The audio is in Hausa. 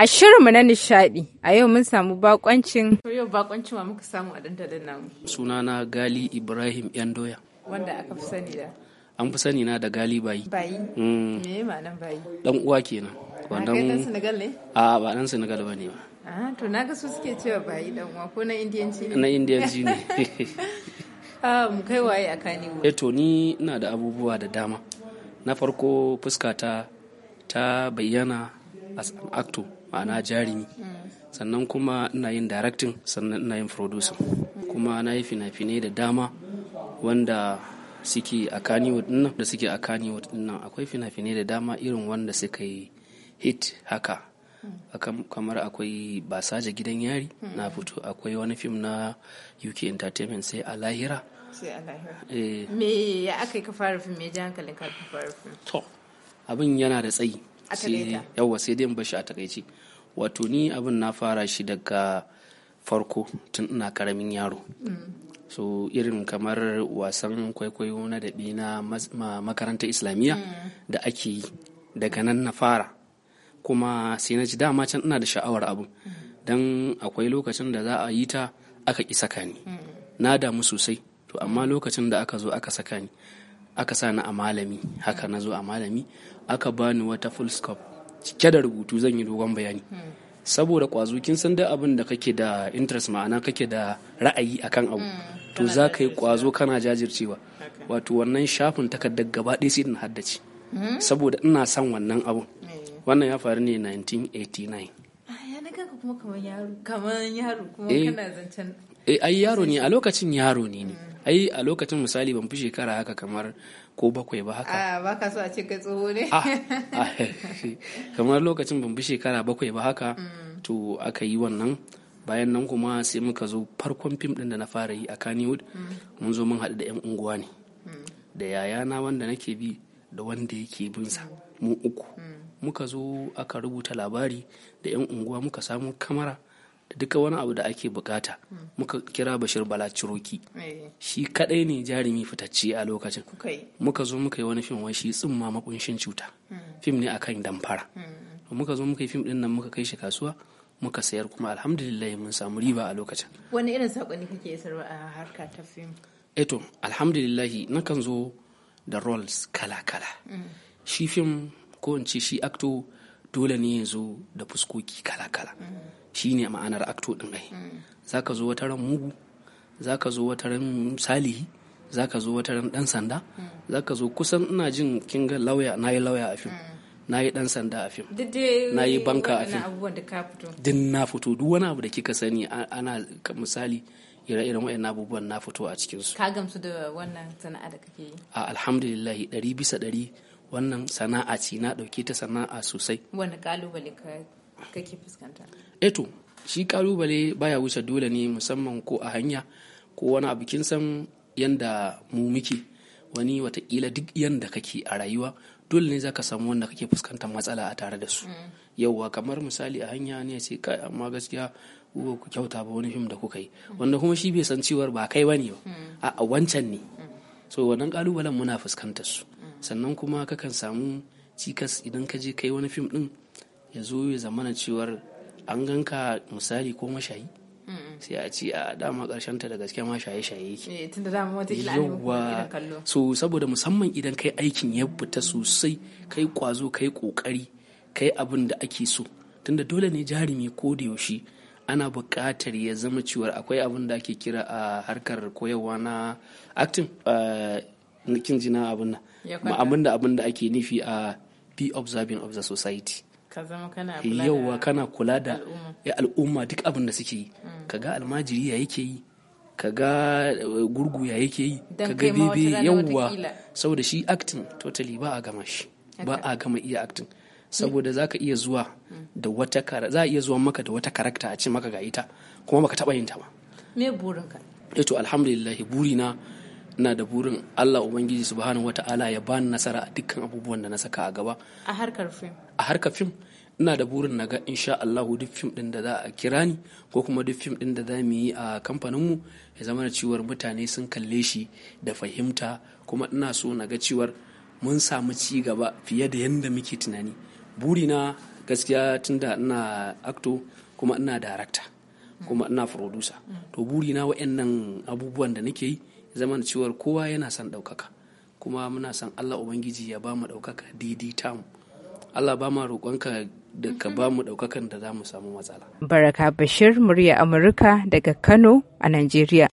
A shirinmu na nishadi a yau mun samu bakoncin. Yau bakoncin wa muka samu a dandalin namu. Sunana Gali Ibrahim Yandoya. Wanda aka fi sani da. An fi sani na da Gali Bayi. Bayi. Mm. Me nan Bayi? Dan uwa kenan. Wannan. Ah, kai dan Senegal ne? A ba dan Senegal bane ba. Ah to na ga su suke cewa Bayi dan uwa ko na Indiyanci ne? Na Indiyanci ne. Um, kai waye a kani Eh to ni ina da abubuwa da dama. Na farko fuskata ta bayyana as an actor ma'ana jarumi sannan kuma ina yin directing sannan ina yin producing kuma na yi fina-finai da dama wanda suke a kaniwood dinnan da suke a kaniwood dinnan akwai fina-finai da dama irin wanda suka yi hit haka kamar akwai basaja gidan yari na fito akwai wani fim na uk entertainment sai a lahira eh. me ya aka yi ka fara fim me ji hankalin ka fara fim to abin yana da tsayi yawa sai dai in bashi a takaici wato ni abin na fara shi daga farko tun ina karamin yaro mm. so irin kamar wasan kwaikwayo na daɗi na makarantar islamiyya mm. da ake yi daga nan na fara kuma sai na ji dama can ina da sha'awar abu mm. don akwai lokacin da za a yi ta aka ƙi saka ni na damu sosai to amma lokacin da aka zo aka saka ni aka sa ni a malami haka na zo a malami aka bani wata full scope cike da rubutu zan yi dogon bayani hmm. saboda kwazo kin san da abin da kake da interest ma'ana kake da ra'ayi akan abu hmm. to za ka yi kwazo kana jajircewa wato wannan shafin takardar gaba ɗaya sai na haddace hmm? saboda ina son wannan abun eh. wannan ya faru ne 1989 ah, kuma kamar yaro kuma eh. kana zancen eh ai yaro ne a lokacin yaro ne ne ai a lokacin misali ban fi shekara haka kamar ko bakwai ba haka a baka so a ce kai tsoho ne kamar lokacin ban fi shekara bakwai ba haka mm. to aka yi wannan bayan nan kuma sai muka zo farkon fim din da na fara yi a kaniwood mm. mun zo mun haɗu da 'yan unguwa ne mm. da yayana wanda nake bi da wanda yake bin sa mu uku muka zo aka rubuta labari da 'yan unguwa muka samu kamara da duka wani abu da ake bukata muka kira bashir bala ciroki eh. shi kadai ne jarumi fitacce a lokacin muka zo muka yi wani fim wai shi tsimma makunshin cuta hmm. fim ne akan damfara hmm. muka zo muka yi fim din nan muka kai shi kasuwa muka sayar kuma alhamdulillah mun samu riba a lokacin wani irin sakonni kake isarwa a harka ta fim eto eh alhamdulillah nakan zo da roles kala-kala hmm. shi fim ko in ce shi acto dole ne ya zo da fuskoki kala-kala shine ma'anar acto din ai zaka zo wata ran mugu zaka zo wata ran salihi zaka zo wata ran dan sanda zaka zo kusan ina jin kin ga lauya nayi lauya a fim yi dan sanda a fim yi banka a fim din na fito duk wani abu da kika sani ana misali ire-iren waɗannan abubuwan na fito a cikinsu. Ka gamsu da wannan sana'a da kake yi? A alhamdulillah ɗari bisa ɗari wannan sana'a ce na ɗauke ta sana'a sosai. Wani ƙalubale ka kake fuskanta eto eh shi kalubale baya wuce dole ne musamman ko a hanya ko wani abu kin san yanda mu muke wani watakila duk yanda kake a rayuwa dole ne zaka samu wanda kake fuskantar matsala a tare da su mm. yauwa kamar misali a hanya ne sai kai amma gaskiya ku kyauta ba wani fim da kuka yi wanda kuma shi bai san cewar ba kai bane ba a mm. wancan ne mm. so wannan kalubalen muna fuskantar su sannan kuma kakan samu cikas idan ka je kai wani fim din ya zo ya zamana cewar an ganka misali ko mashayi sai a ci a dama karshen ta da gaske ma shaye shaye yake eh, tunda so saboda musamman idan kai aikin ya fita sosai kai kwazo kai kokari kai abin da ake so tunda dole ne jarumi ko da yaushe ana buƙatar ya zama cewar akwai abin da ake kira a harkar koyarwa na acting eh, kin ji na abin nan abin da abin da ake nufi a be observing of the society ka zama kana eh, kula yauwa kana kula da al'umma duk abin da suke yi mm. ka ga almajiri ya yake yi ka ga eh, gurgu ya yake yi ka ga bebe yauwa saboda shi acting totally ba a gama shi ba a gama iya acting mm. saboda ka iya zuwa mm. da wata kara za a iya zuwa maka da wata karakta a ce maka ga ita kuma baka taba yin ta ba me burinka eh alhamdulillah burina ina da burin Allah ubangiji subhanahu wa ta'ala ya bani nasara a dukkan abubuwan da na saka a gaba a harkar fim a harkar fim ina da burin na ga insha Allahu duk fim din da za a kira ni ko kuma duk fim din da za mu yi a kamfanin mu ya zama da ciwar mutane sun kalle shi da fahimta kuma ina so na ga cewar mun samu ci gaba fiye da yadda muke tunani burina gaskiya tunda ina acto kuma ina director kuma ina producer to burina nan abubuwan da nake yi zaman ciwar kowa yana son ɗaukaka kuma muna son allah ubangiji ya ba mu ɗaukaka didi tamu allah ba ma roƙonka da ka ba mu ɗaukakan da za mu samu matsala baraka bashir murya amurka daga kano a nigeria.